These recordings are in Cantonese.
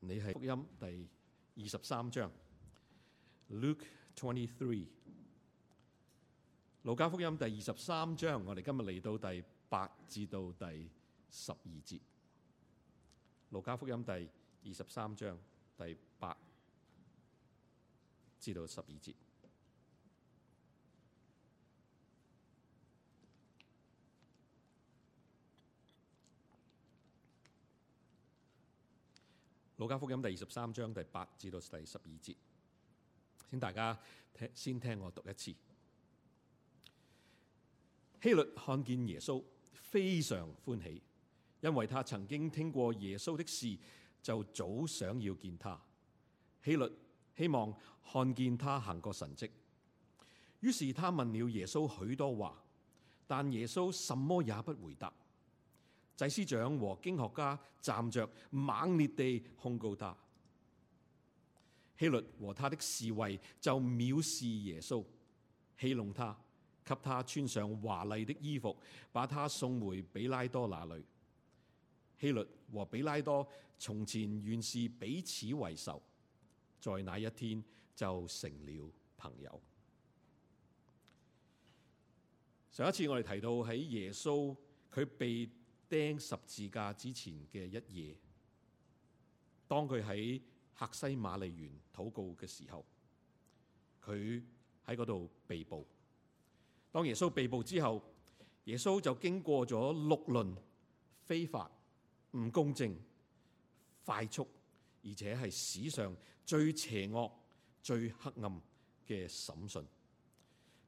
你係福音第二十三章，Luke twenty three。路加福音第二十三章，我哋今日嚟到第八至到第十二節。路加福音第二十三章第八至到十二節。《路加福音》第二十三章第八至到第十二節，請大家聽先聽我讀一次。希律看見耶穌，非常歡喜，因為他曾經聽過耶穌的事，就早想要見他。希律希望看見他行過神跡，於是他問了耶穌許多話，但耶穌什麼也不回答。祭司長和經學家站着，猛烈地控告他。希律和他的侍衛就藐視耶穌，戲弄他，給他穿上華麗的衣服，把他送回比拉多那裡。希律和比拉多從前原是彼此為仇，在那一天就成了朋友。上一次我哋提到喺耶穌佢被釘十字架之前嘅一夜，當佢喺客西馬利園禱告嘅時候，佢喺嗰度被捕。當耶穌被捕之後，耶穌就經過咗六輪非法、唔公正、快速，而且係史上最邪惡、最黑暗嘅審訊。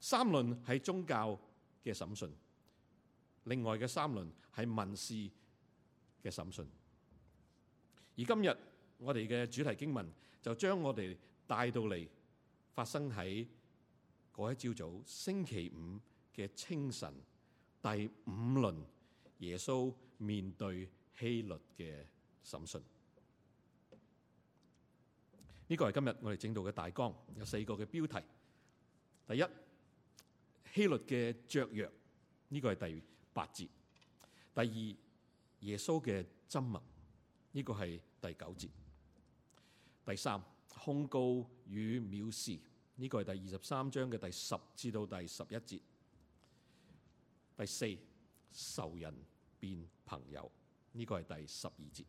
三輪係宗教嘅審訊。另外嘅三輪係民事嘅審訊，而今日我哋嘅主題經文就將我哋帶到嚟發生喺嗰一朝早星期五嘅清晨第五輪耶穌面對希律嘅審訊。呢個係今日我哋整到嘅大綱，有四個嘅標題。第一，希律嘅雀躍，呢個係第二。八節，第二，耶穌嘅真文，呢、這個係第九節。第三，控告與藐視，呢、這個係第二十三章嘅第十至到第十一節。第四，仇人變朋友，呢、這個係第十二節。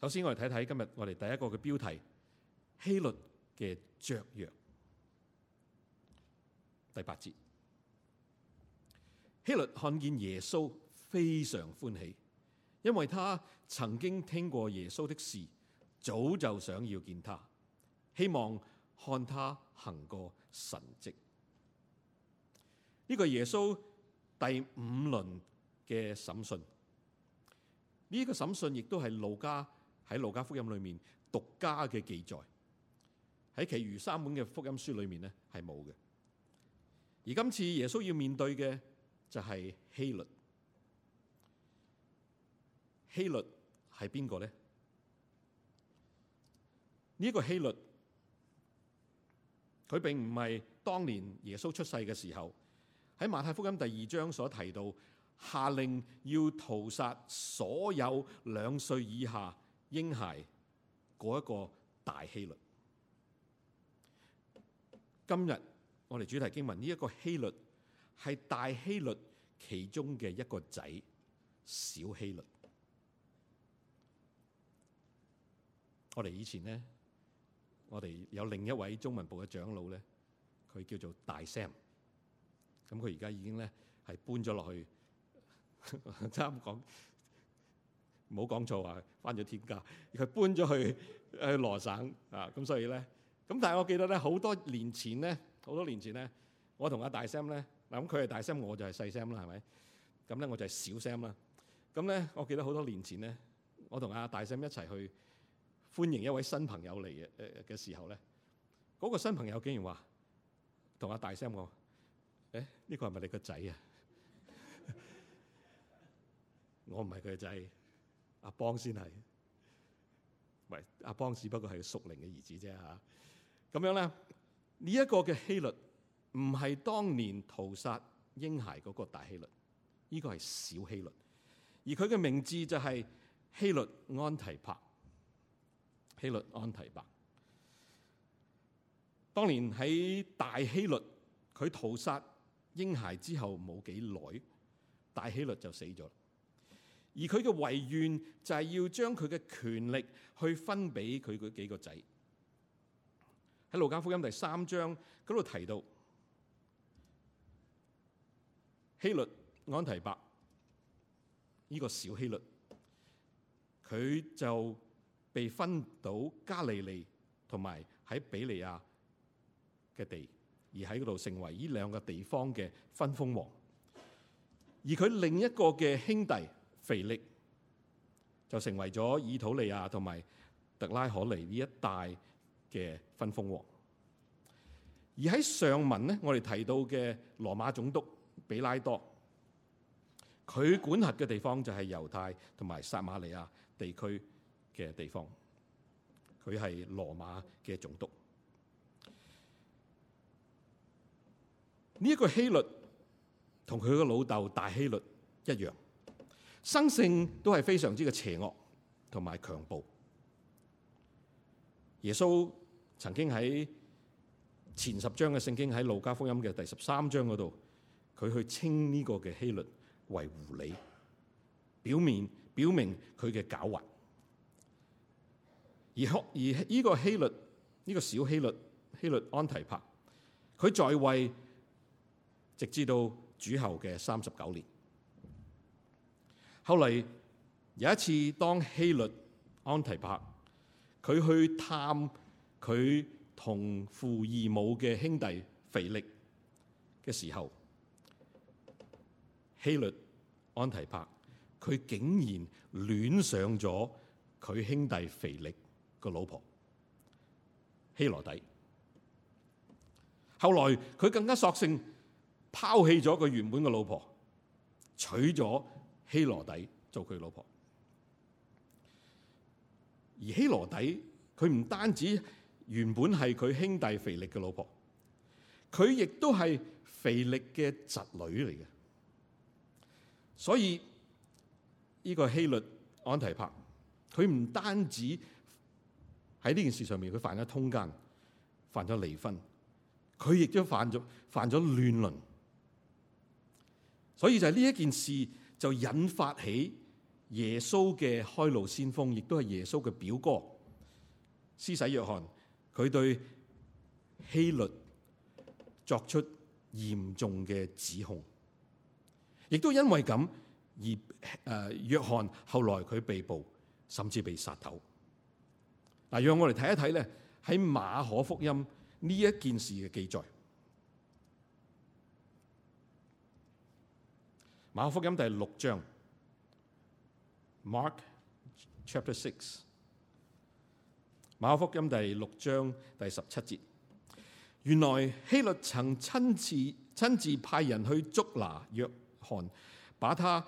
首先我哋睇睇今日我哋第一個嘅標題，希律嘅雀躍，第八節。希律看見耶穌非常歡喜，因為他曾經聽過耶穌的事，早就想要見他，希望看他行過神蹟。呢個耶穌第五輪嘅審訊，呢、這個審訊亦都係路加喺路加福音裏面獨家嘅記載，喺其餘三本嘅福音書裏面咧係冇嘅。而今次耶穌要面對嘅就係、是、希律，希律係邊個呢？呢、這、一個希律，佢並唔係當年耶穌出世嘅時候，喺馬太福音第二章所提到，下令要屠殺所有兩歲以下嬰孩嗰一個大希律。今日我哋主題經文呢一、這個希律，係大希律其中嘅一個仔，小希律。我哋以前咧，我哋有另一位中文部嘅長老咧，佢叫做大 Sam。咁佢而家已經咧係搬咗落去。差啲 講，唔好講錯話，翻咗天家，佢搬咗去誒羅省啊。咁所以咧，咁但係我記得咧，好多年前咧，好多年前咧，我同阿大 Sam 咧。咁佢係大聲，我就係細聲啦，係咪？咁咧我就係小聲啦。咁咧，我記得好多年前咧，我同阿大聲一齊去歡迎一位新朋友嚟嘅，誒嘅時候咧，嗰個新朋友竟然話：同阿大聲講，誒呢個係咪你個仔啊？ 我唔係佢嘅仔，阿邦先係。唔係，阿邦只不過係個熟齡嘅兒子啫嚇。咁樣咧，呢一個嘅希律。唔係當年屠殺嬰孩嗰個大希律，呢個係小希律，而佢嘅名字就係、是、希律安提帕。希律安提帕，當年喺大希律佢屠殺嬰孩之後冇幾耐，大希律就死咗，而佢嘅遺願就係要將佢嘅權力去分俾佢嗰幾個仔。喺路加福音第三章嗰度提到。希律安提伯呢、這個小希律，佢就被分到加利利同埋喺比利亞嘅地，而喺度成為呢兩個地方嘅分封王。而佢另一個嘅兄弟腓力就成為咗以土利亞同埋特拉可尼呢一帶嘅分封王。而喺上文呢，我哋提到嘅羅馬總督。比拉多，佢管轄嘅地方就係猶太同埋撒瑪利亞地區嘅地方，佢係羅馬嘅總督。呢、這、一個希律同佢嘅老豆大希律一樣，生性都係非常之嘅邪惡同埋強暴。耶穌曾經喺前十章嘅聖經喺路加福音嘅第十三章嗰度。佢去稱呢個嘅希律為狐狸，表面表明佢嘅狡猾。而而依個希律，呢、呢個小希律希律安提帕，佢在位直至到主後嘅三十九年。後嚟有一次，當希律安提帕，佢去探佢同父異母嘅兄弟腓力嘅時候。希律安提帕，佢竟然戀上咗佢兄弟腓力個老婆希羅底。後來佢更加索性拋棄咗佢原本嘅老婆，娶咗希羅底做佢老婆。而希羅底佢唔單止原本係佢兄弟腓力嘅老婆，佢亦都係腓力嘅侄女嚟嘅。所以呢、這個希律安提帕，佢唔單止喺呢件事上面佢犯咗通姦，犯咗離婚，佢亦都犯咗犯咗亂倫。所以就係呢一件事就引發起耶穌嘅開路先鋒，亦都係耶穌嘅表哥施洗約翰，佢對希律作出嚴重嘅指控。亦都因為咁而，誒、呃，約翰後來佢被捕，甚至被殺頭。嗱，讓我嚟睇一睇咧，喺馬可福音呢一件事嘅記載。馬可福音第六章，Mark Chapter Six，馬可福音第六章第十七節。原來希律曾親自親自派人去捉拿約。把他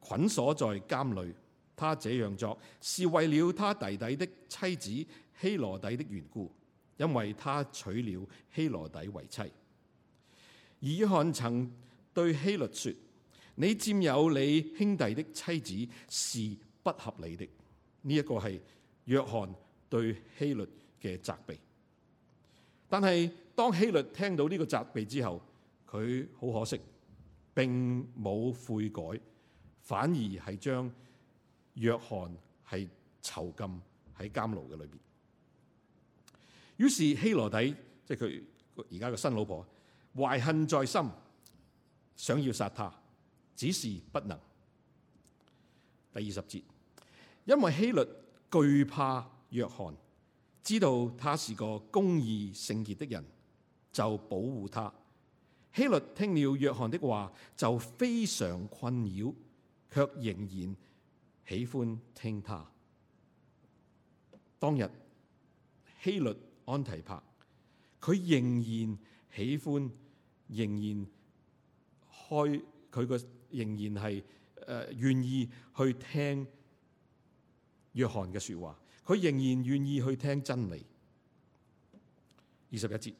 捆鎖在監裏，他這樣做是為了他弟弟的妻子希羅底的緣故，因為他娶了希羅底為妻。約翰曾對希律說：你占有你兄弟的妻子是不合理的。呢、這、一個係約翰對希律嘅責備。但係當希律聽到呢個責備之後，佢好可惜。並冇悔改，反而係將約翰係囚禁喺監牢嘅裏邊。於是希羅底，即係佢而家嘅新老婆，懷恨在心，想要殺他，只是不能。第二十節，因為希律懼怕約翰，知道他是個公義聖潔的人，就保護他。希律聽了約翰的話，就非常困擾，卻仍然喜歡聽他。當日希律安提帕，佢仍然喜歡，仍然開佢個，仍然係誒願意去聽約翰嘅說話，佢仍然願意去聽真理。二十一節，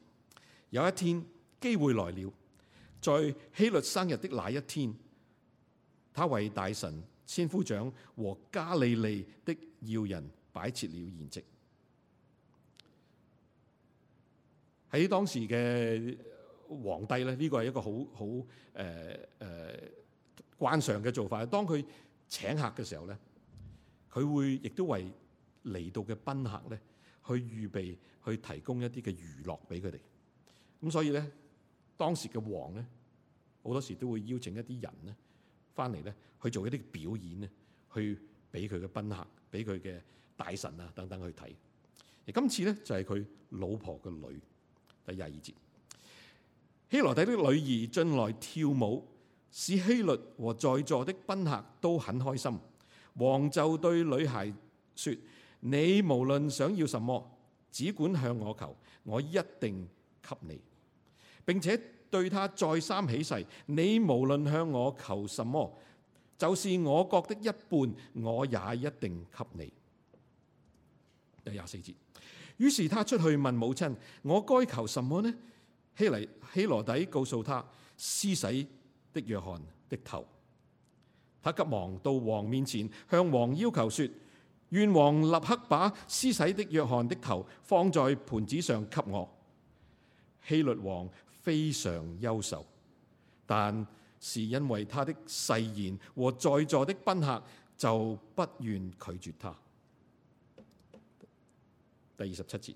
有一天機會來了。在希律生日的那一天，他為大臣、千夫長和加利利的要人擺設了筵席。喺當時嘅皇帝咧，呢、呢個係一個好好誒誒慣常嘅做法。當佢請客嘅時候咧，佢會亦都為嚟到嘅賓客咧，去預備去提供一啲嘅娛樂俾佢哋。咁所以咧，當時嘅王咧。好多時都會邀請一啲人咧，翻嚟咧去做一啲表演咧，去俾佢嘅賓客、俾佢嘅大臣啊等等去睇。而今次咧就係佢老婆嘅女。第廿二節，希羅底的女兒進來跳舞，使希律和在座的賓客都很開心。王就對女孩說：你無論想要什麼，只管向我求，我一定給你。並且對他再三起誓，你無論向我求什麼，就是我國的一半，我也一定給你。第廿四節。於是他出去問母親，我該求什麼呢？希黎希羅底告訴他，施洗的約翰的頭。他急忙到王面前，向王要求說：願王立刻把施洗的約翰的頭放在盤子上給我。希律王。非常優秀，但是因為他的誓言和在座的賓客就不願拒絕他。第二十七節，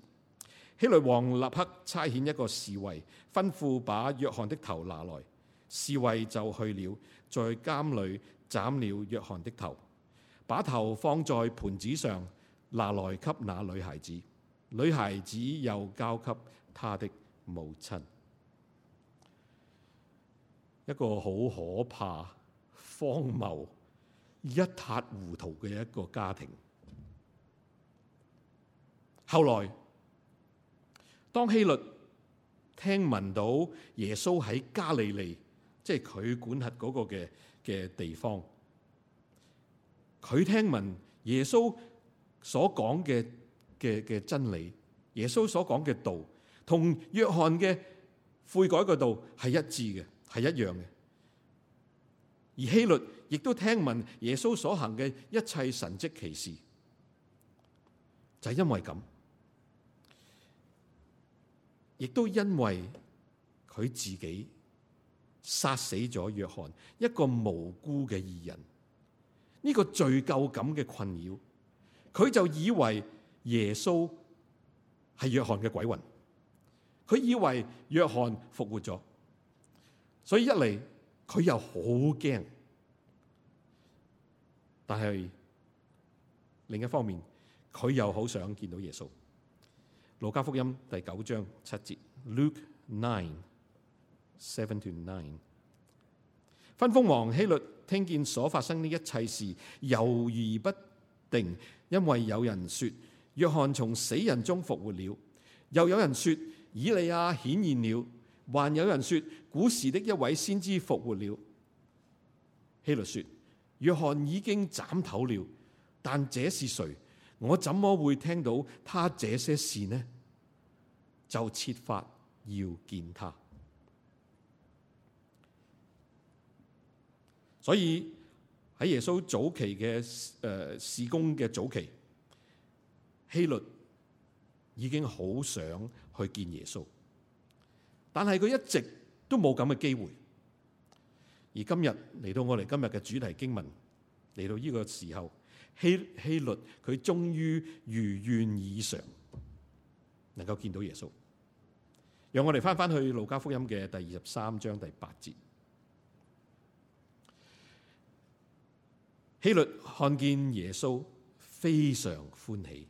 希律王立刻差遣一個侍衛，吩咐把約翰的頭拿來。侍衛就去了，在監裏斬了約翰的頭，把頭放在盤子上，拿來給那女孩子。女孩子又交給她的母親。一個好可怕、荒謬、一塌糊塗嘅一個家庭。後來，當希律聽聞到耶穌喺加利利，即係佢管轄嗰個嘅嘅地方，佢聽聞耶穌所講嘅嘅嘅真理，耶穌所講嘅道，同約翰嘅悔改嘅道係一致嘅。係一樣嘅，而希律亦都聽聞耶穌所行嘅一切神蹟奇事，就係、是、因為咁，亦都因為佢自己殺死咗約翰一個無辜嘅義人，呢、這個罪疚感嘅困擾，佢就以為耶穌係約翰嘅鬼魂，佢以為約翰復活咗。所以一嚟佢又好驚，但係另一方面佢又好想見到耶穌。路加福音第九章七節，Luke nine seven to nine，分封王希律聽見所發生的一切事，猶豫不定，因為有人說約翰從死人中復活了，又有人說以利亞顯現了。還有人說古時的一位先知復活了。希律說：約翰已經斬頭了，但這是誰？我怎麼會聽到他這些事呢？就設法要見他。所以喺耶穌早期嘅誒、呃、事工嘅早期，希律已經好想去見耶穌。但係佢一直都冇咁嘅機會，而今日嚟到我哋今日嘅主題經文，嚟到呢個時候，希希律佢終於如願以償，能夠見到耶穌。讓我哋翻翻去路加福音嘅第二十三章第八節，希律看見耶穌，非常歡喜。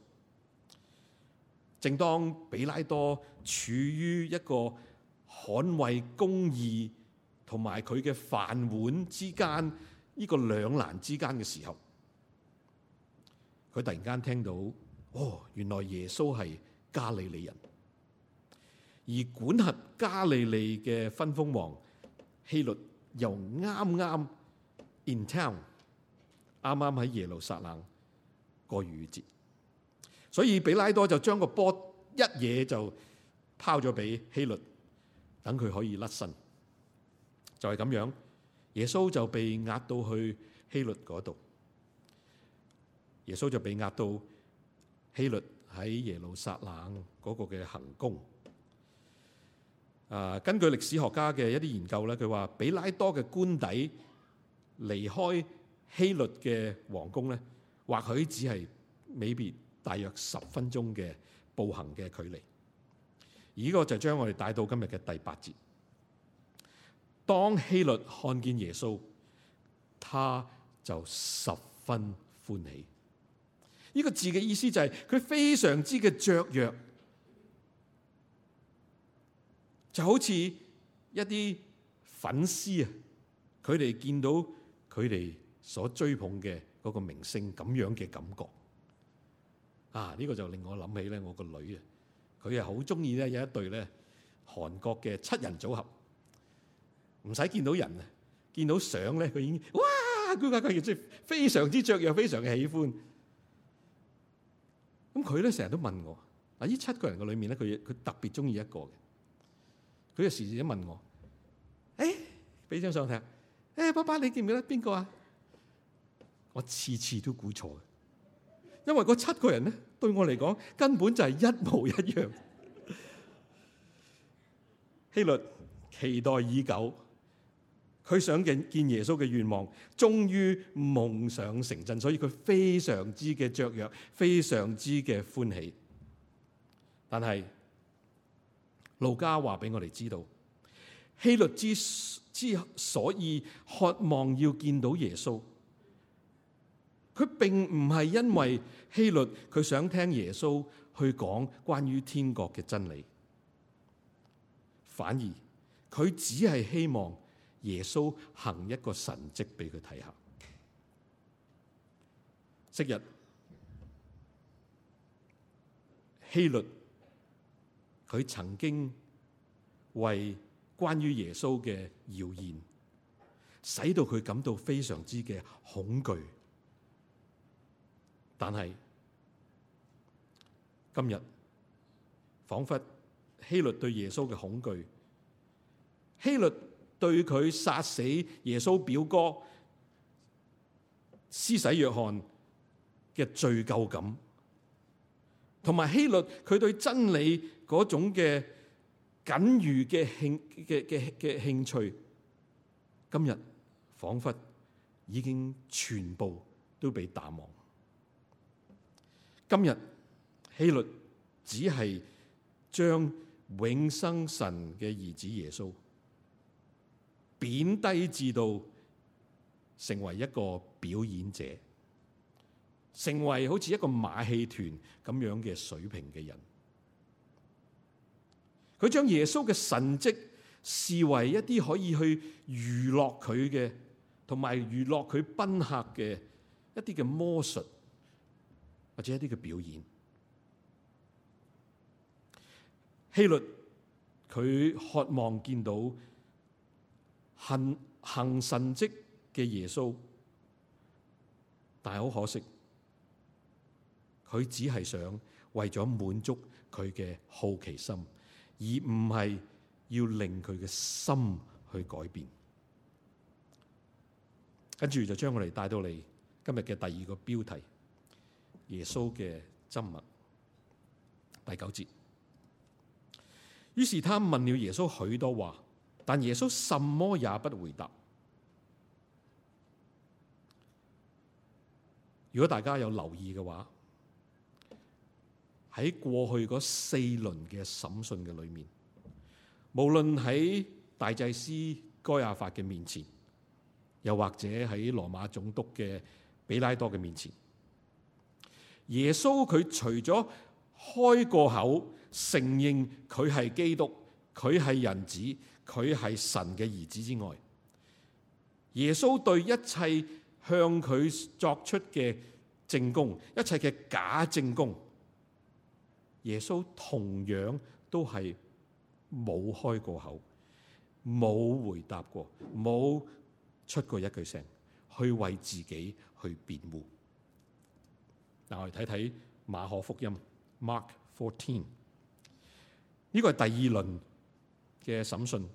正當比拉多處於一個捍衞公義同埋佢嘅飯碗之間呢個兩難之間嘅時候，佢突然間聽到：哦，原來耶穌係加利利人，而管轄加利利嘅分封王希律又啱啱 in town，啱啱喺耶路撒冷過逾節。所以彼拉多就將個波一嘢就拋咗俾希律，等佢可以甩身。就係咁樣，耶穌就被押到去希律嗰度。耶穌就被押到希律喺耶，耶路撒冷嗰個嘅行宮。啊，根據歷史學家嘅一啲研究咧，佢話彼拉多嘅官邸離開希律嘅皇宮咧，或許只係美別。大約十分鐘嘅步行嘅距離，而呢個就將我哋帶到今日嘅第八節。當希律看見耶穌，他就十分歡喜。呢、這個字嘅意思就係、是、佢非常之嘅雀躍，就好似一啲粉絲啊，佢哋見到佢哋所追捧嘅嗰個明星咁樣嘅感覺。啊！呢、這個就令我諗起咧，我個女啊，佢係好中意咧有一對咧韓國嘅七人組合，唔使見到人啊，見到相咧佢已經哇，乖乖，佢即係非常之雀躍，非常嘅喜歡。咁佢咧成日都問我，嗱呢七個人嘅裏面咧，佢佢特別中意一個嘅，佢就時時都問我，誒、欸、俾張相睇下，誒、欸、爸爸你見唔見到邊個啊？我次次都估錯。因為嗰七個人咧，對我嚟講根本就係一模一樣。希律期待已久，佢想見見耶穌嘅願望，終於夢想成真，所以佢非常之嘅雀躍，非常之嘅歡喜。但係路加話俾我哋知道，希律之之所以渴望要見到耶穌。佢並唔係因為希律佢想聽耶穌去講關於天國嘅真理，反而佢只係希望耶穌行一個神蹟俾佢睇下。昔日希律佢曾經為關於耶穌嘅謠言，使到佢感到非常之嘅恐懼。但係今日，仿彿希律對耶穌嘅恐懼，希律對佢殺死耶穌表哥、施洗約翰嘅罪疚感，同埋希律佢對真理嗰種嘅僅餘嘅興嘅嘅嘅興趣，今日仿彿已經全部都被淡忘。今日希律只係將永生神嘅兒子耶穌貶低至到成為一個表演者，成為好似一個馬戲團咁樣嘅水平嘅人。佢將耶穌嘅神蹟視為一啲可以去娛樂佢嘅，同埋娛樂佢賓客嘅一啲嘅魔術。或者一啲嘅表演，希律佢渴望見到行行神迹嘅耶穌，但係好可惜，佢只係想為咗滿足佢嘅好奇心，而唔係要令佢嘅心去改變。跟住就將我哋帶到嚟今日嘅第二個標題。耶穌嘅質問，第九節，於是他問了耶穌許多話，但耶穌什麼也不回答。如果大家有留意嘅話，喺過去嗰四輪嘅審訊嘅裏面，無論喺大祭司該亞法嘅面前，又或者喺羅馬總督嘅比拉多嘅面前。耶穌佢除咗開過口承認佢係基督、佢係人子、佢係神嘅兒子之外，耶穌對一切向佢作出嘅證供、一切嘅假證供，耶穌同樣都係冇開過口、冇回答過、冇出過一句聲，去為自己去辯護。嗱，我哋睇睇馬可福音 Mark Fourteen，呢個係第二輪嘅審訊，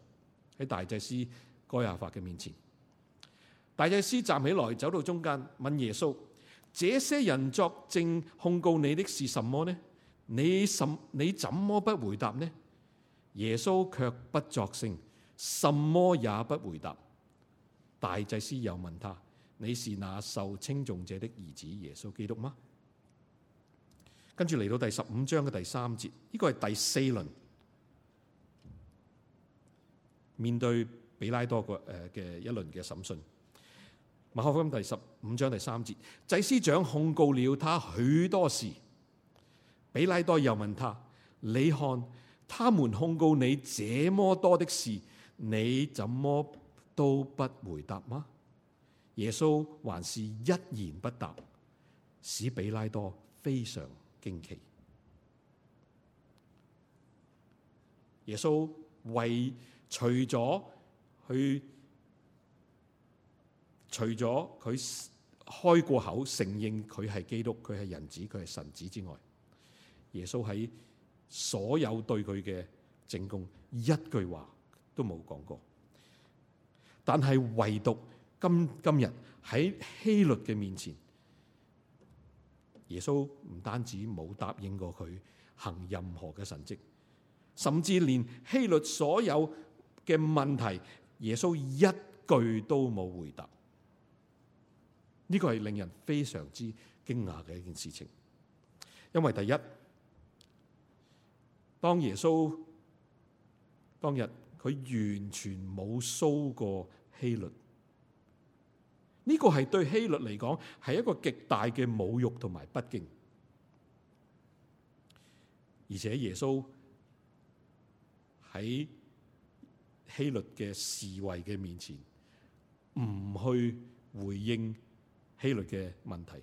喺大祭司該亞法嘅面前。大祭司站起來，走到中間，問耶穌：這些人作證控告你的是什麼呢？你什你怎麼不回答呢？耶穌卻不作聲，什麼也不回答。大祭司又問他：你是那受稱頌者的兒子耶穌基督嗎？跟住嚟到第十五章嘅第三節，呢、這個係第四輪面對比拉多個誒嘅一輪嘅審訊。馬可福音第十五章第三節，祭司長控告了他許多事，比拉多又問他：你看，他們控告你這麼多的事，你怎麼都不回答嗎？耶穌還是一言不答，使比拉多非常。驚奇，耶穌為除咗佢，除咗佢開過口承認佢係基督，佢係人子，佢係神子之外，耶穌喺所有對佢嘅證供，一句話都冇講過。但係唯獨今今日喺希律嘅面前。耶穌唔單止冇答應過佢行任何嘅神跡，甚至連希律所有嘅問題，耶穌一句都冇回答。呢、這個係令人非常之驚訝嘅一件事情，因為第一，當耶穌，當日佢完全冇蘇過希律。呢、這個係對希律嚟講係一個極大嘅侮辱同埋不敬，而且耶穌喺希律嘅侍衛嘅面前唔去回應希律嘅問題，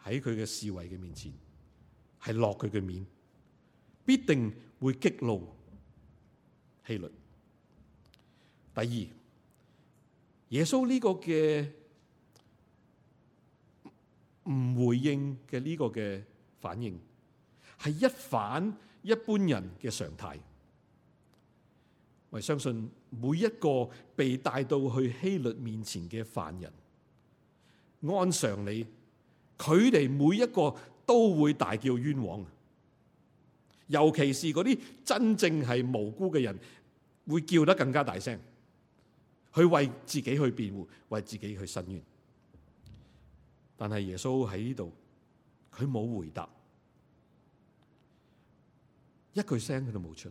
喺佢嘅侍衛嘅面前係落佢嘅面，必定會激怒希律。第二。耶穌呢個嘅唔回應嘅呢個嘅反應，係一反一般人嘅常態。我哋相信每一個被帶到去希律面前嘅犯人，按常理，佢哋每一個都會大叫冤枉。尤其是嗰啲真正係無辜嘅人，會叫得更加大聲。去為自己去辯護，為自己去申冤。但係耶穌喺呢度，佢冇回答，一句聲佢都冇出。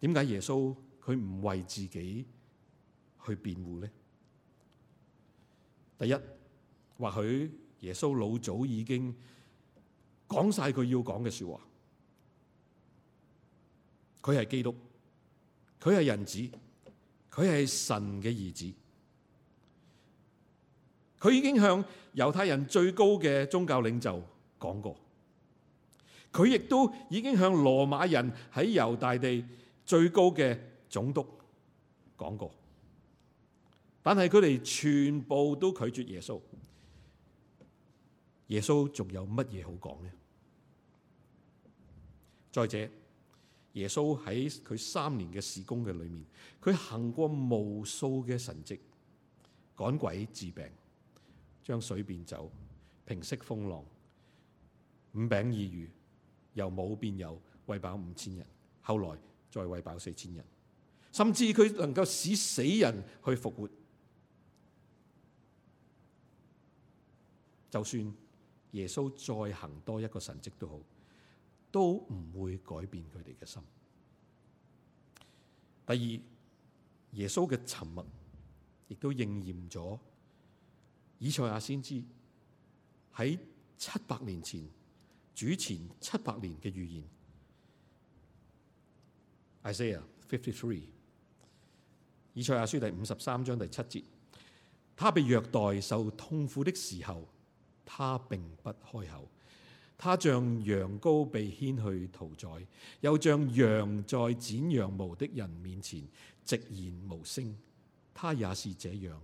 點解耶穌佢唔為自己去辯護咧？第一，或許耶穌老早已經講晒佢要講嘅說話。佢係基督，佢係人子。佢係神嘅兒子，佢已經向猶太人最高嘅宗教領袖講過，佢亦都已經向羅馬人喺猶大地最高嘅總督講過，但係佢哋全部都拒絕耶穌，耶穌仲有乜嘢好講呢？再者。耶穌喺佢三年嘅事工嘅裏面，佢行過無數嘅神蹟，趕鬼治病，將水變酒，平息風浪，五餅二魚，由冇變有，餵飽五千人，後來再餵飽四千人，甚至佢能夠使死人去復活。就算耶穌再行多一個神蹟都好。都唔會改變佢哋嘅心。第二，耶穌嘅沉默，亦都應驗咗以賽亞先知喺七百年前主前七百年嘅預言。Isaiah fifty three，以賽亞書第五十三章第七節，他被虐待受痛苦的時候，他并不開口。他像羊羔被牽去屠宰，又像羊在剪羊毛的人面前寂然無聲。他也是這樣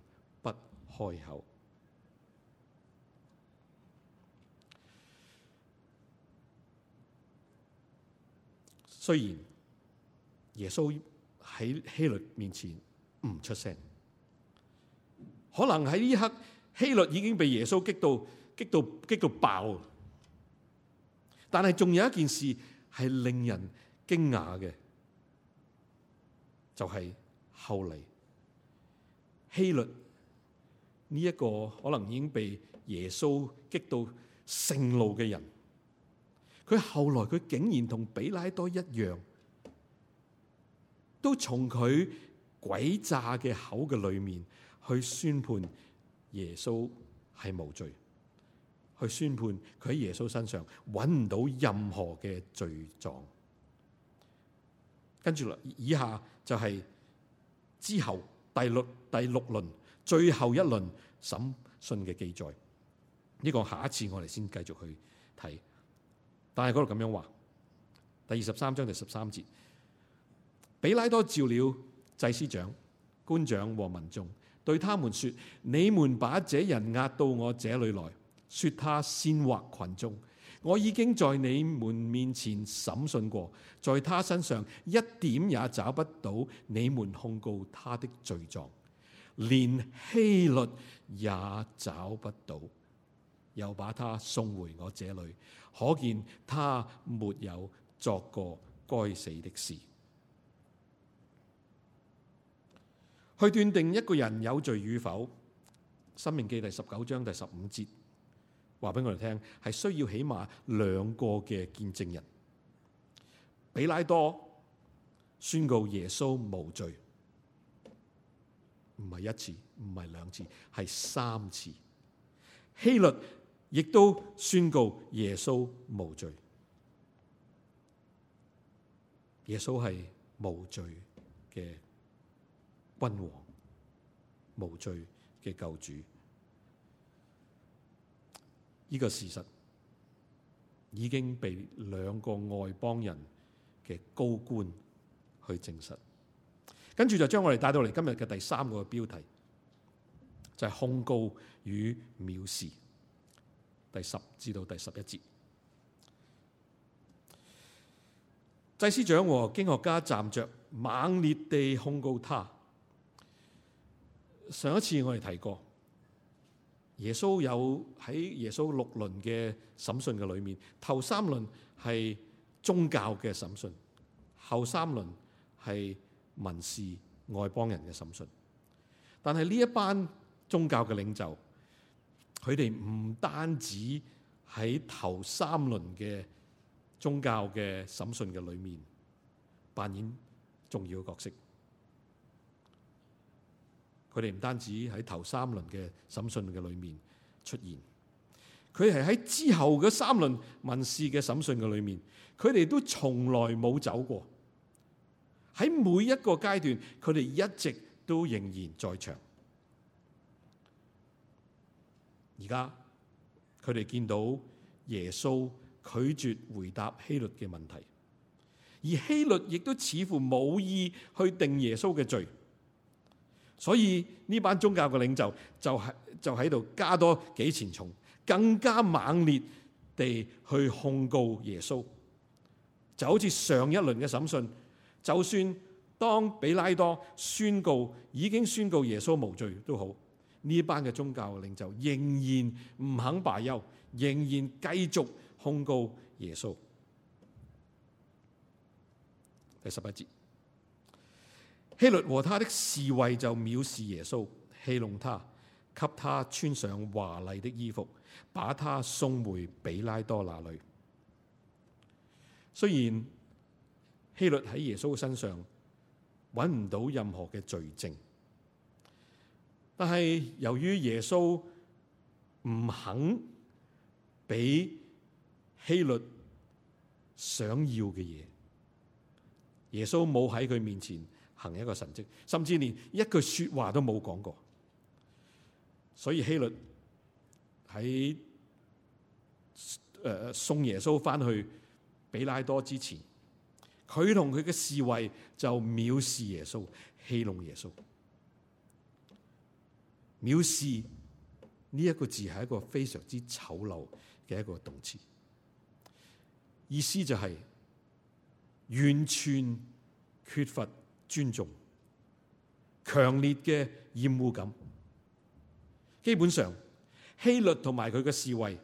不開口。雖然耶穌喺希律面前唔出聲，可能喺呢刻希律已經被耶穌激到激到激到爆。但係仲有一件事係令人驚訝嘅，就係、是、後嚟希律呢一、這個可能已經被耶穌激到盛怒嘅人，佢後來佢竟然同比拉多一樣，都從佢鬼詐嘅口嘅裏面去宣判耶穌係無罪。去宣判佢喺耶穌身上揾唔到任何嘅罪狀。跟住落以下就係、是、之後第六第六輪最後一輪審訊嘅記載。呢、這個下一次我哋先繼續去睇，但係嗰度咁樣話。第二十三章第十三節，彼拉多召了祭司長、官長和民眾，對他們說，你們把這人押到我這裏來。說他煽惑群眾，我已經在你們面前審訊過，在他身上一點也找不到你們控告他的罪狀，連希律也找不到，又把他送回我這裏，可見他沒有作過該死的事。去斷定一個人有罪與否，《申命記》第十九章第十五節。話俾我哋聽，係需要起碼兩個嘅見證人。比拉多宣告耶穌無罪，唔係一次，唔係兩次，係三次。希律亦都宣告耶穌無罪。耶穌係無罪嘅君王，無罪嘅救主。呢、這個事實已經被兩個外邦人嘅高官去證實，跟住就將我哋帶到嚟今日嘅第三個標題，就係、是、控告與藐視，第十至到第十一節。祭司長和經學家站着，猛烈地控告他。上一次我哋提過。耶穌有喺耶穌六輪嘅審訊嘅裏面，頭三輪係宗教嘅審訊，後三輪係民事外邦人嘅審訊。但係呢一班宗教嘅領袖，佢哋唔單止喺頭三輪嘅宗教嘅審訊嘅裏面扮演重要嘅角色。佢哋唔單止喺頭三輪嘅審訊嘅裏面出現，佢係喺之後嘅三輪民事嘅審訊嘅裏面，佢哋都從來冇走過。喺每一個階段，佢哋一直都仍然在場。而家佢哋見到耶穌拒絕回答希律嘅問題，而希律亦都似乎冇意去定耶穌嘅罪。所以呢班宗教嘅領袖就喺就喺度加多幾錢重，更加猛烈地去控告耶穌，就好似上一輪嘅審訊，就算當彼拉多宣告已經宣告耶穌無罪都好，呢班嘅宗教嘅領袖仍然唔肯罷休，仍然繼續控告耶穌。第十八節。希律和他的侍衛就藐視耶穌，戲弄他，給他穿上華麗的衣服，把他送回彼拉多那裏。雖然希律喺耶穌身上揾唔到任何嘅罪證，但係由於耶穌唔肯俾希律想要嘅嘢，耶穌冇喺佢面前行一個神蹟，甚至連一句說話都冇講過。所以希律喺、誒送耶穌翻去比拉多之前，佢同佢嘅侍衛就藐視耶穌，戲弄耶穌。藐視呢一個字係一個非常之醜陋嘅一個動詞，意思就係完全缺乏。尊重，強烈嘅厭惡感，基本上希律同埋佢嘅侍衛，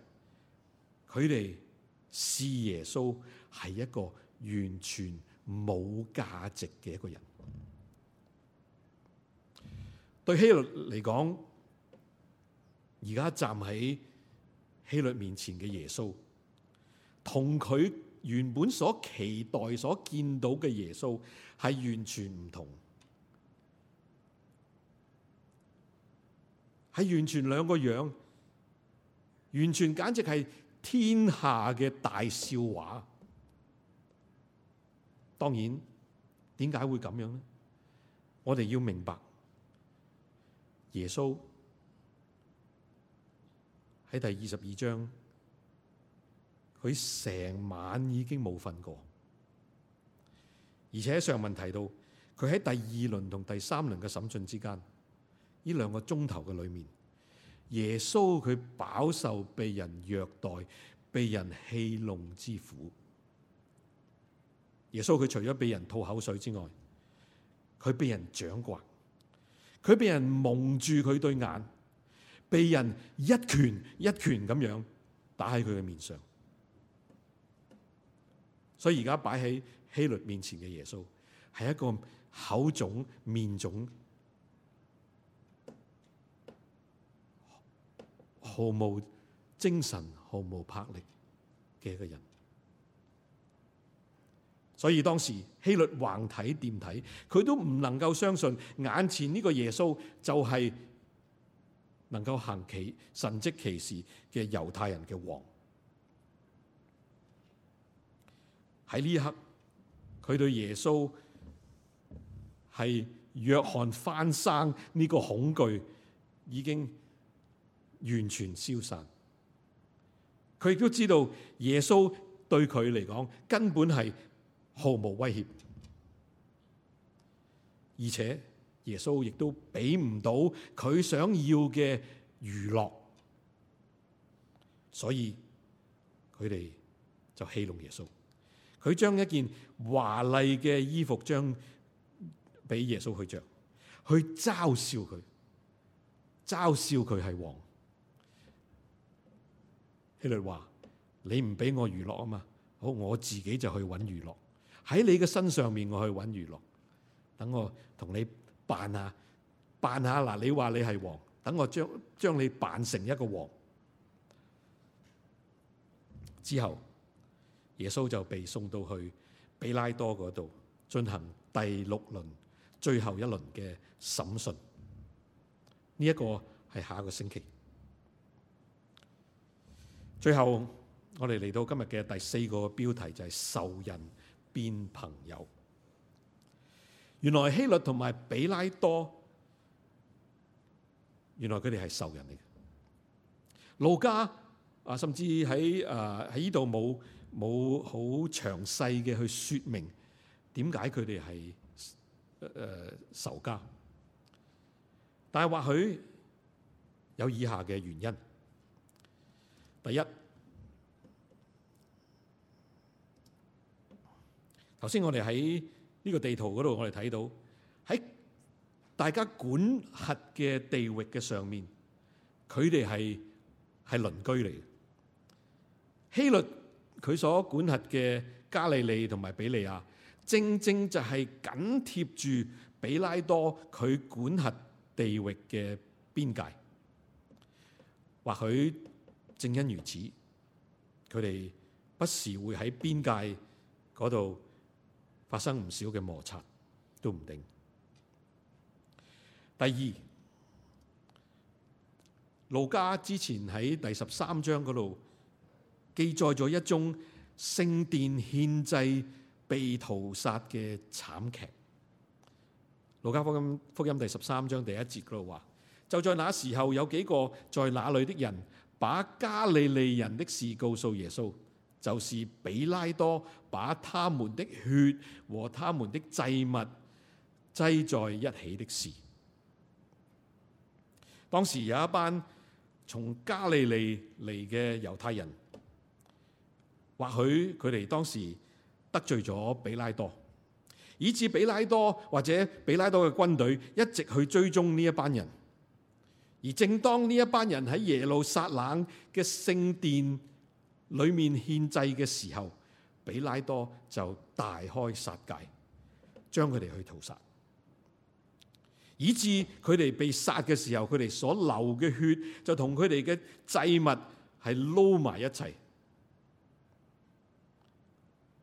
佢哋視耶穌係一個完全冇價值嘅一個人。對希律嚟講，而家站喺希律面前嘅耶穌，同佢。原本所期待、所見到嘅耶穌係完全唔同，係完全兩個樣，完全簡直係天下嘅大笑話。當然，點解會咁樣呢？我哋要明白耶穌喺第二十二章。佢成晚已經冇瞓過，而且在上文提到佢喺第二輪同第三輪嘅審訊之間，呢兩個鐘頭嘅裏面，耶穌佢飽受被人虐待、被人戲弄之苦。耶穌佢除咗被人吐口水之外，佢被人掌摑，佢被人蒙住佢對眼，被人一拳一拳咁樣打喺佢嘅面上。所以而家擺喺希律面前嘅耶穌係一個口腫面腫、毫無精神、毫無魄力嘅一個人。所以當時希律橫睇掂睇，佢都唔能夠相信眼前呢個耶穌就係能夠行其神蹟奇事嘅猶太人嘅王。喺呢刻，佢對耶穌係約翰翻生呢個恐懼已經完全消散。佢亦都知道耶穌對佢嚟講根本係毫無威脅，而且耶穌亦都俾唔到佢想要嘅娛樂，所以佢哋就戲弄耶穌。佢將一件華麗嘅衣服，將俾耶穌去着，去嘲笑佢，嘲笑佢係王。希律話：你唔俾我娛樂啊嘛，好，我自己就去揾娛樂。喺你嘅身上面，我去揾娛樂。等我同你扮下，扮下。嗱，你話你係王，等我將將你扮成一個王之後。耶穌就被送到去比拉多嗰度進行第六輪、最後一輪嘅審訊。呢一個係下一個星期。最後我哋嚟到今日嘅第四個標題就係、是、仇人變朋友。原來希律同埋比拉多，原來佢哋係仇人嚟嘅。路加啊，甚至喺誒喺呢度冇。冇好詳細嘅去説明點解佢哋係誒仇家，但係或許有以下嘅原因。第一，頭先我哋喺呢個地圖嗰度，我哋睇到喺大家管轄嘅地域嘅上面，佢哋係係鄰居嚟嘅希律。佢所管轄嘅加利利同埋比利亞，正正就係緊貼住比拉多佢管轄地域嘅邊界。或許正因如此，佢哋不時會喺邊界嗰度發生唔少嘅摩擦，都唔定。第二，路加之前喺第十三章嗰度，記載咗一宗聖殿獻祭被屠殺嘅慘劇。路加福音福音第十三章第一節嘅話，就在那時候，有幾個在那裏的人，把加利利人的事告訴耶穌，就是彼拉多把他們的血和他們的祭物擠在一起的事。當時有一班從加利利嚟嘅猶太人。或許佢哋當時得罪咗比拉多，以致比拉多或者比拉多嘅軍隊一直去追蹤呢一班人。而正當呢一班人喺耶路撒冷嘅聖殿裏面獻祭嘅時候，比拉多就大開殺戒，將佢哋去屠殺，以致佢哋被殺嘅時候，佢哋所流嘅血就同佢哋嘅祭物係撈埋一齊。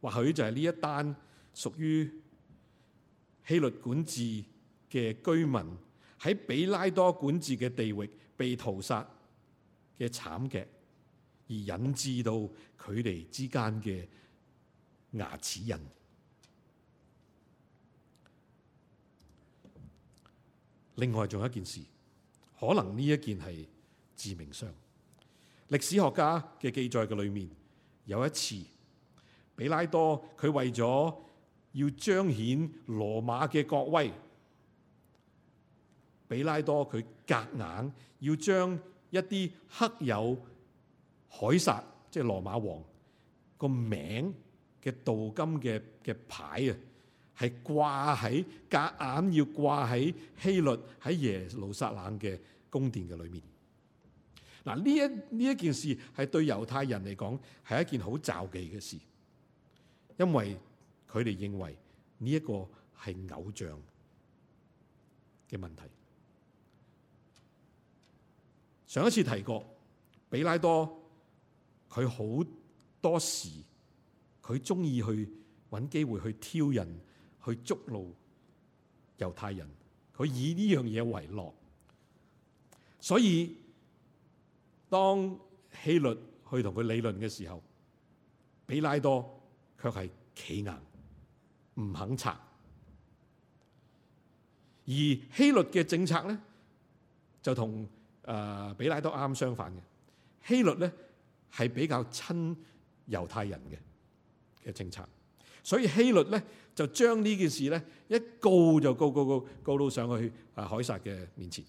或許就係呢一單屬於希律管治嘅居民喺比拉多管治嘅地域被屠殺嘅慘劇，而引致到佢哋之間嘅牙齒印。另外，仲有一件事，可能呢一件係致命傷。歷史學家嘅記載嘅裏面有一次。比拉多佢為咗要彰顯羅馬嘅國威，比拉多佢夾硬要將一啲刻有凱撒，即係羅馬王個名嘅鍍金嘅嘅牌啊，係掛喺夾硬要掛喺希律喺耶路撒冷嘅宮殿嘅裏面。嗱，呢一呢一件事係對猶太人嚟講係一件好驟忌嘅事。因為佢哋認為呢一個係偶像嘅問題。上一次提過，比拉多佢好多時，佢中意去揾機會去挑釁，去捉弄猶太人，佢以呢樣嘢為樂。所以當希律去同佢理論嘅時候，比拉多。卻係企硬，唔肯拆。而希律嘅政策咧，就同誒、呃、比拉多啱相反嘅。希律咧係比較親猶太人嘅嘅政策，所以希律咧就將呢件事咧一告就告告告告，告，告，告，告到上去啊海撒嘅面前。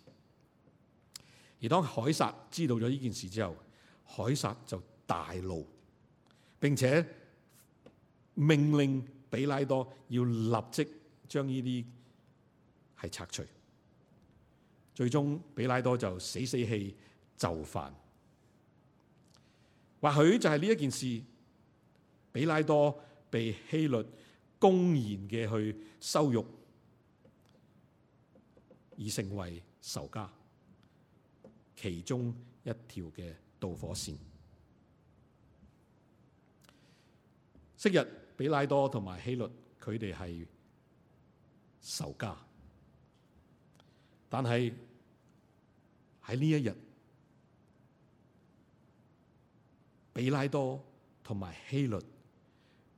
而當海撒知道咗呢件事之後，海撒就大怒，並且。命令彼拉多要立即將呢啲係拆除，最終彼拉多就死死氣就範。或許就係呢一件事，彼拉多被希律公然嘅去羞辱，而成為仇家其中一條嘅導火線。昔日。比拉多同埋希律，佢哋係仇家，但係喺呢一日，比拉多同埋希律，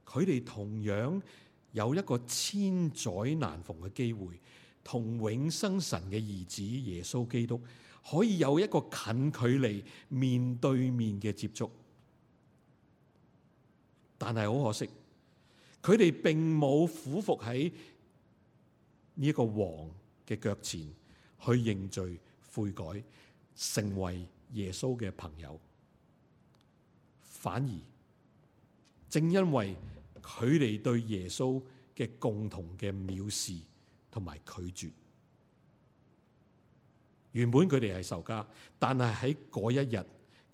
佢哋同樣有一個千載難逢嘅機會，同永生神嘅兒子耶穌基督，可以有一個近距離面對面嘅接觸，但係好可惜。佢哋並冇俯伏喺呢一個王嘅腳前去認罪悔改，成為耶穌嘅朋友。反而正因為佢哋對耶穌嘅共同嘅藐視同埋拒絕，原本佢哋係仇家，但係喺嗰一日，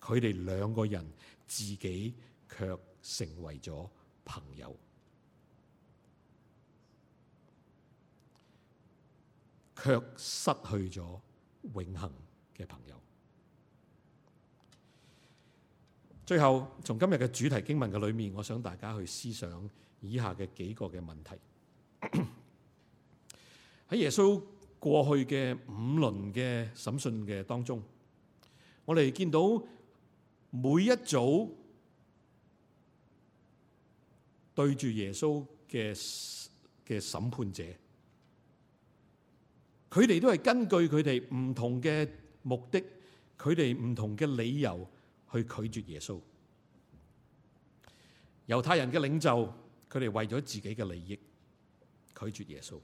佢哋兩個人自己卻成為咗朋友。卻失去咗永恆嘅朋友。最後，從今日嘅主題經文嘅裏面，我想大家去思想以下嘅幾個嘅問題。喺耶穌過去嘅五輪嘅審訊嘅當中，我哋見到每一組對住耶穌嘅嘅審判者。佢哋都係根據佢哋唔同嘅目的，佢哋唔同嘅理由去拒絕耶穌。猶太人嘅領袖，佢哋為咗自己嘅利益拒絕耶穌。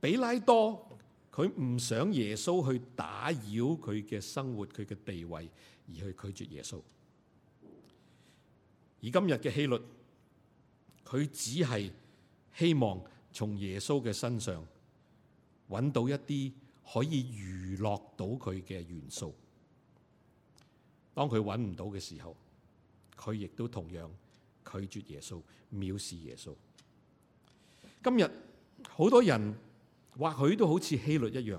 比拉多，佢唔想耶穌去打擾佢嘅生活、佢嘅地位，而去拒絕耶穌。而今日嘅希律，佢只係希望從耶穌嘅身上，揾到一啲可以娛樂到佢嘅元素，當佢揾唔到嘅時候，佢亦都同樣拒絕耶穌，藐視耶穌。今日好多人或許都好似希律一樣，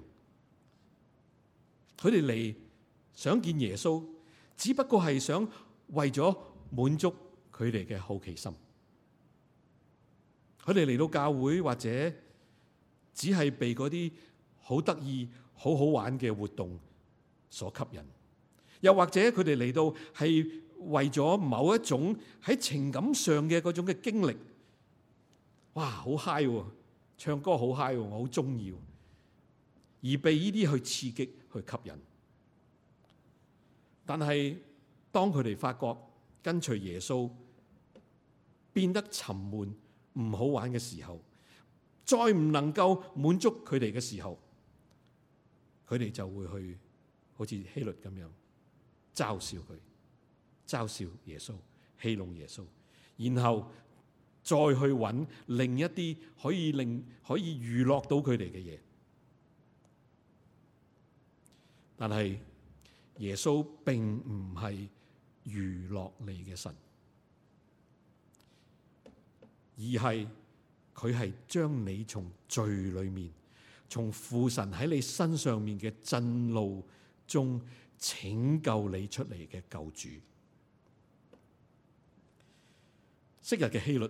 佢哋嚟想見耶穌，只不過係想為咗滿足佢哋嘅好奇心。佢哋嚟到教會或者……只係被嗰啲好得意、好好玩嘅活動所吸引，又或者佢哋嚟到係為咗某一種喺情感上嘅嗰種嘅經歷，哇！好嗨！唱歌好嗨！我好中意，而被呢啲去刺激去吸引。但係當佢哋發覺跟隨耶穌變得沉悶、唔好玩嘅時候，再唔能夠滿足佢哋嘅時候，佢哋就會去好似希律咁樣嘲笑佢，嘲笑耶穌，戲弄耶穌，然後再去揾另一啲可以令可以娛樂到佢哋嘅嘢。但係耶穌並唔係娛樂你嘅神，而係。佢係將你從罪裏面，從父神喺你身上面嘅震怒中拯救你出嚟嘅救主。昔日嘅希律，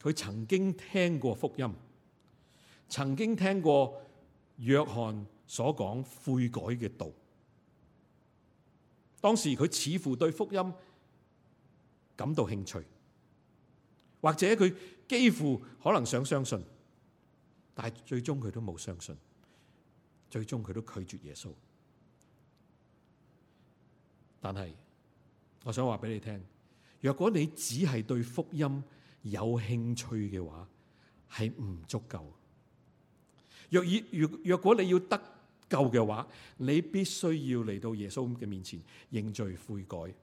佢曾經聽過福音，曾經聽過約翰所講悔改嘅道。當時佢似乎對福音感到興趣，或者佢。幾乎可能想相信，但係最終佢都冇相信，最終佢都拒絕耶穌。但係，我想話俾你聽，若果你只係對福音有興趣嘅話，係唔足夠。若以若若果你要得救嘅話，你必須要嚟到耶穌嘅面前認罪悔改。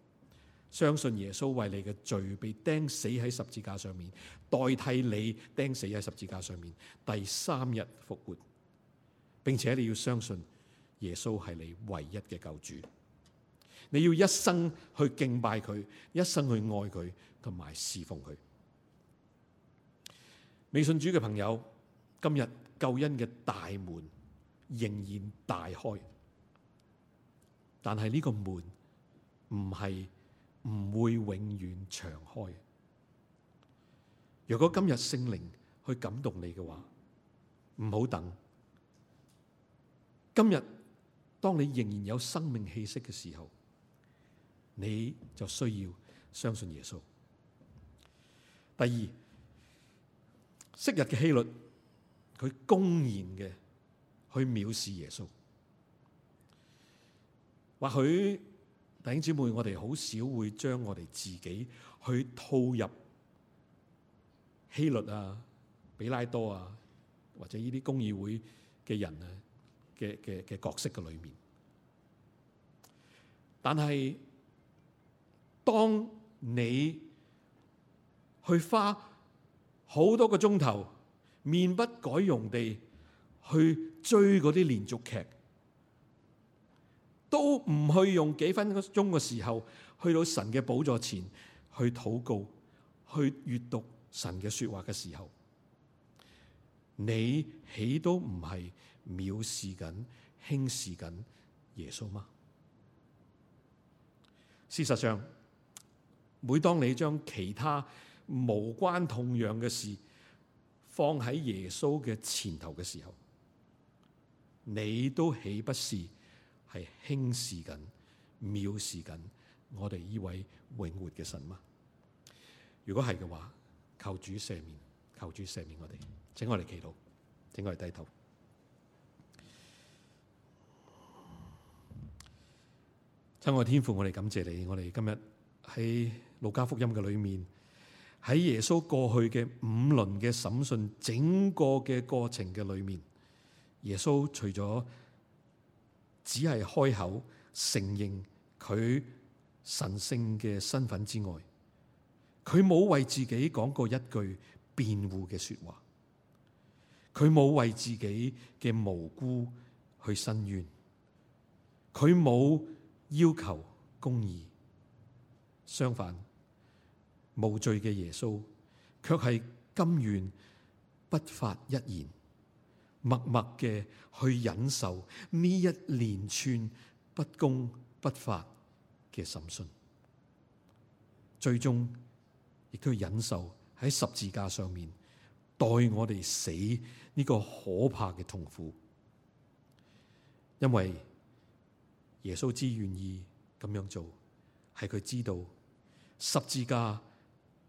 相信耶穌為你嘅罪被釘死喺十字架上面，代替你釘死喺十字架上面，第三日復活，並且你要相信耶穌係你唯一嘅救主。你要一生去敬拜佢，一生去愛佢，同埋侍奉佢。未信主嘅朋友，今日救恩嘅大門仍然大開，但係呢個門唔係。唔會永遠長開。如果今日聖靈去感動你嘅話，唔好等。今日當你仍然有生命氣息嘅時候，你就需要相信耶穌。第二，昔日嘅希律，佢公然嘅去藐視耶穌，或許。弟兄姊妹，我哋好少會將我哋自己去套入希律啊、比拉多啊，或者呢啲公議會嘅人啊嘅嘅嘅角色嘅裏面。但係當你去花好多個鐘頭，面不改容地去追嗰啲連續劇。都唔去用幾分鐘嘅時候去到神嘅寶座前去禱告、去閱讀神嘅說話嘅時候，你豈都唔係藐視緊、輕視緊耶穌嗎？事實上，每當你將其他無關痛癢嘅事放喺耶穌嘅前頭嘅時候，你都豈不是？係輕視緊、藐視緊我哋依位永活嘅神嗎？如果係嘅話，求主赦免，求主赦免我哋，請我哋祈禱，請我哋低頭。親愛的天父，我哋感謝你，我哋今日喺《路加福音》嘅裏面，喺耶穌過去嘅五輪嘅審訊整個嘅過程嘅裏面，耶穌除咗，只係開口承認佢神聖嘅身份之外，佢冇為自己講過一句辯護嘅說話，佢冇為自己嘅無辜去申冤，佢冇要求公義。相反，無罪嘅耶穌卻係甘願不發一言。默默嘅去忍受呢一連串不公不法嘅審訊，最終亦都要忍受喺十字架上面待我哋死呢個可怕嘅痛苦，因為耶穌只願意咁樣做，係佢知道十字架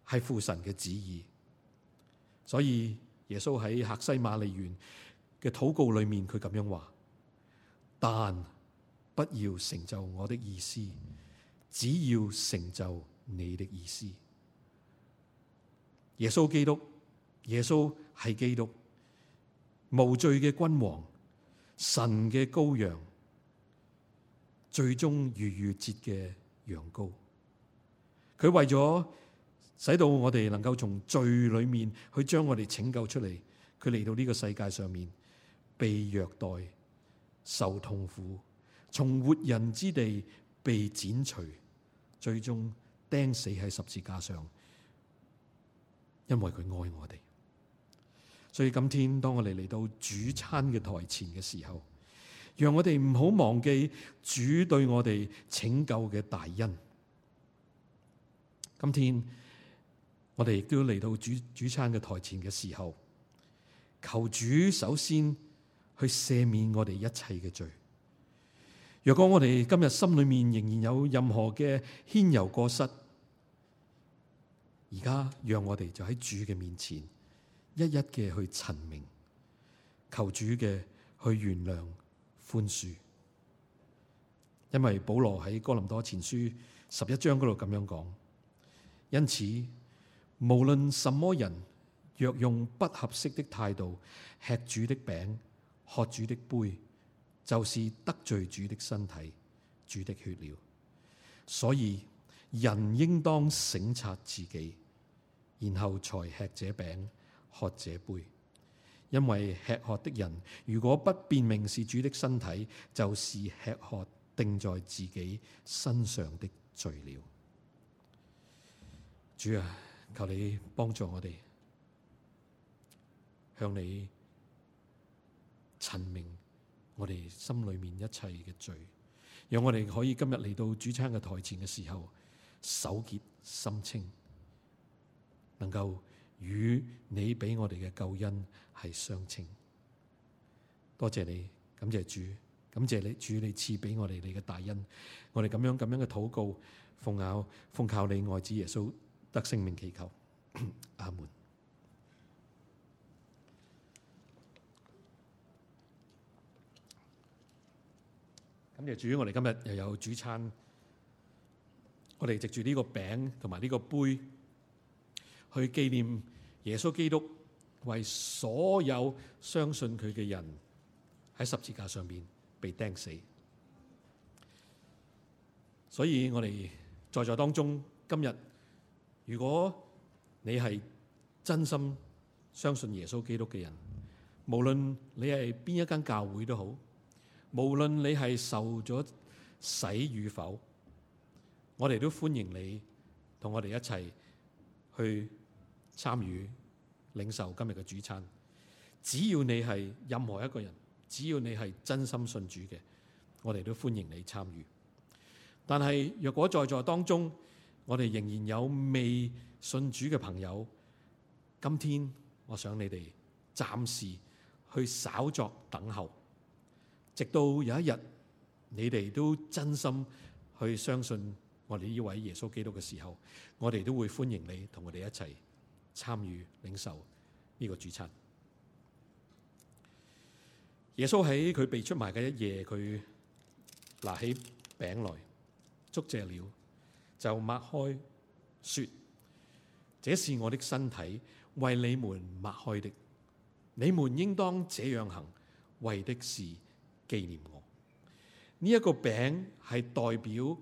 係父神嘅旨意，所以耶穌喺客西瑪利園。嘅禱告裏面，佢咁樣話：但不要成就我的意思，只要成就你的意思。耶穌基督，耶穌係基督，無罪嘅君王，神嘅羔羊，最終逾越節嘅羊羔。佢為咗使到我哋能夠從罪裏面去將我哋拯救出嚟，佢嚟到呢個世界上面。被虐待、受痛苦，從活人之地被剪除，最終釘死喺十字架上，因為佢愛我哋。所以今天當我哋嚟到主餐嘅台前嘅時候，讓我哋唔好忘記主對我哋拯救嘅大恩。今天我哋亦都嚟到主主餐嘅台前嘅時候，求主首先。去赦免我哋一切嘅罪。若果我哋今日心裏面仍然有任何嘅牽柔過失，而家讓我哋就喺主嘅面前，一一嘅去陳明，求主嘅去原諒寬恕。因為保羅喺哥林多前書十一章嗰度咁樣講，因此無論什麼人，若用不合適的態度吃主的餅。喝主的杯，就是得罪主的身體、主的血了。所以人應當省察自己，然後才吃這餅、喝這杯。因為吃喝的人，如果不辨明是主的身體，就是吃喝定在自己身上的罪了。主啊，求你幫助我哋，向你。陳明我哋心裏面一切嘅罪，讓我哋可以今日嚟到主餐嘅台前嘅時候，手潔心清，能夠與你俾我哋嘅救恩係相稱。多謝你，感謝主，感謝你主，你賜俾我哋你嘅大恩。我哋咁樣咁樣嘅禱告，奉咬奉靠你愛子耶穌得聖名祈求，阿門。咁就住於我哋今日又有主餐，我哋藉住呢個餅同埋呢個杯，去紀念耶穌基督為所有相信佢嘅人喺十字架上面被釘死。所以我哋在座當中，今日如果你係真心相信耶穌基督嘅人，無論你係邊一間教會都好。無論你係受咗洗與否，我哋都歡迎你同我哋一齊去參與領受今日嘅主餐。只要你係任何一個人，只要你係真心信主嘅，我哋都歡迎你參與。但係若果在座當中，我哋仍然有未信主嘅朋友，今天我想你哋暫時去稍作等候。直到有一日，你哋都真心去相信我哋呢位耶穌基督嘅時候，我哋都會歡迎你同我哋一齊參與領受呢個主餐。耶穌喺佢被出賣嘅一夜，佢拿起餅來，祝謝了，就擘開，說：這是我的身體，為你們擘開的。你們應當這樣行，為的是。紀念我呢、一、這個餅係代表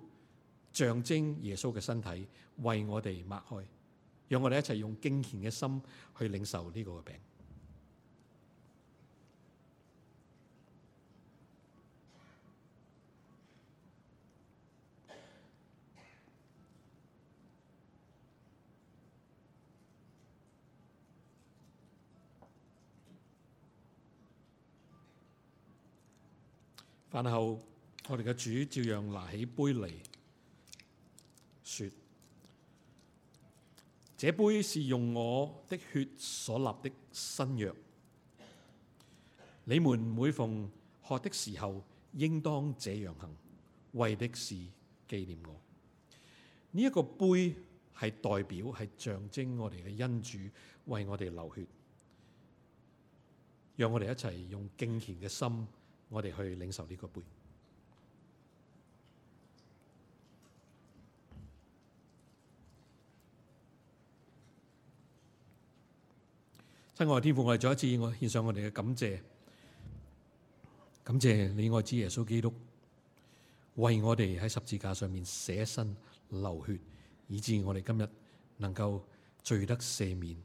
象徵耶穌嘅身體，為我哋擘開，讓我哋一齊用敬虔嘅心去領受呢個嘅餅。然後我哋嘅主照樣拿起杯嚟，說：這杯是用我的血所立的新約，你們每逢喝的時候，應當這樣行，為的是紀念我。呢、這、一個杯係代表係象徵我哋嘅恩主為我哋流血，讓我哋一齊用敬虔嘅心。我哋去領受呢個杯。親愛的天父，我哋再一次我獻上我哋嘅感謝，感謝你愛子耶穌基督，為我哋喺十字架上面捨身流血，以致我哋今日能夠罪得赦免，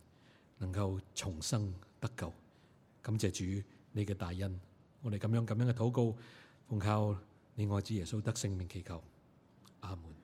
能夠重生得救。感謝主你嘅大恩。我哋咁樣咁樣嘅禱告，奉靠你愛子耶穌得聖命祈求，阿門。